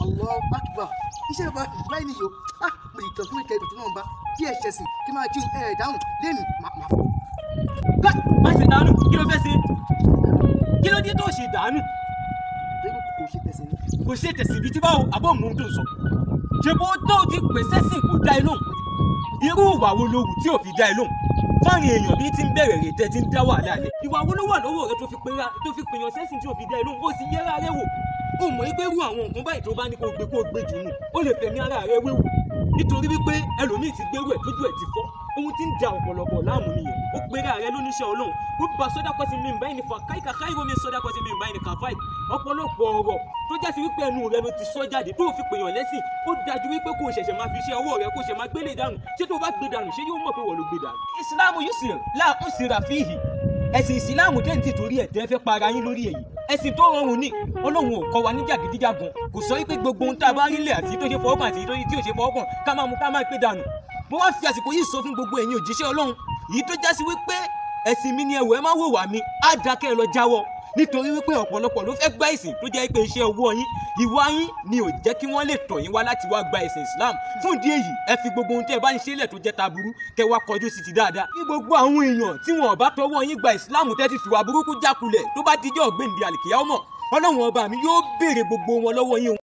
Allahu Akbar iṣẹ́ bá láì nìyó ah mo lè tọ́jú ìkẹ́ ìtọ́jú náà bá bí ẹ ṣẹ̀ sí kí máa jí ẹ dáhùn lẹ́nu màá fọ. gbọ́ má ṣe dànù kí ló fẹ́ ṣe kí ló dé tó ṣe dànù. kò ṣe tẹ̀sí ni. kò ṣe tẹ̀sí ibi tí báwo àbọ̀ mò ń dùn sọ. ṣe bó tó ti pèsè sí kò dá ẹ lóhùn irú ìwà wo lo wù tí ò fi dá ẹ lóhùn táwọn èèyàn bíi ti ń bẹ̀rẹ̀ rè tẹ́ ti ń dá wàhálà lẹ̀ ìwà wo ló wà lọ́wọ́ rẹ tó fi pera tó fi pèèyàn sẹ́sìn tí ò fi dá ẹ lóhùn ó sì yẹra rẹ wò ó mọ̀ ẹgbẹ́ rú àwọn nǹkan báyìí tó bá ní kó gbé kó gbé jù nù ó lè fẹ̀mí ara rẹ wéwu nítorí wípé ẹlòmíì ti gbérú ẹ̀ lójú ẹ̀ ti fọ́ ohun tí ń da ọ̀pọ̀lọpọ̀ láàmú nìyẹn ó pèrè ààrẹ lóníṣẹ́ ọlọ́run rúbà sọ́dọ̀kọ́sí mi báyìí ní fàkáìkà káìrò mi sọ́dọ̀kọ́sí mi báyìí ní kàfáì ọ̀pọ̀lọpọ̀ ọ̀rọ̀ tó jásí wípé ẹnu rẹ ló ti sọ jáde tó fi pèèyàn lẹ́sìn ó dájú wípé kò ṣẹ̀ṣẹ̀ máa fi iṣẹ́ ọwọ́ rẹ kò ṣẹ̀ máa gbélé dànù ṣé tó bá gbé dànù ṣé yóò mọ̀ pé wọ́n ló gbé dànù. ìsìláàmù yusuf láàkúnṣe rafihi ẹ̀sìn ẹ̀sìn tó rọrùn ni ọlọ́run ò kọ́ wa ní jàgídíjàgùn kò sọ wípé gbogbo ohun tá a bá rí lẹ̀ àti tó ṣe fọwọ́kàn àti tí ò ṣe fọwọ́kàn ká máa mú ká máa pé dànù mo wá fi àsìkò yìí sọ fún gbogbo ẹ̀yin òjíṣẹ́ ọlọ́run yìí tó já sí wípé ẹ̀sìn mi ni ẹ̀wọ̀ ẹ má wò wá mi á dákẹ́ lọ jáwọ́ nítorí wípé ọ̀pọ̀lọpọ̀ ló fẹ́ gba ìsìn tó jẹ́ pé iṣẹ́ owó yín ìwà yín ni ò jẹ́ kí wọ́n lè tọ̀ yín wá láti wá gba ìsìn Islam fún ìdí èyí ẹ fi gbogbo ohun tẹ́ ẹ bá ń ṣe lẹ̀ tó jẹ́ taburú kẹ́ wá kọjú sí ti dáadáa. ní gbogbo àwọn èèyàn tí wọn bá tọwọ́ yín gba Islam tẹ́ ti fìwà burúkú jákulẹ̀ tó bá dijọ́ ọ̀gbẹ́ǹdì àlìkìyà ọmọ ọlọ́run ọba mi yóò béèrè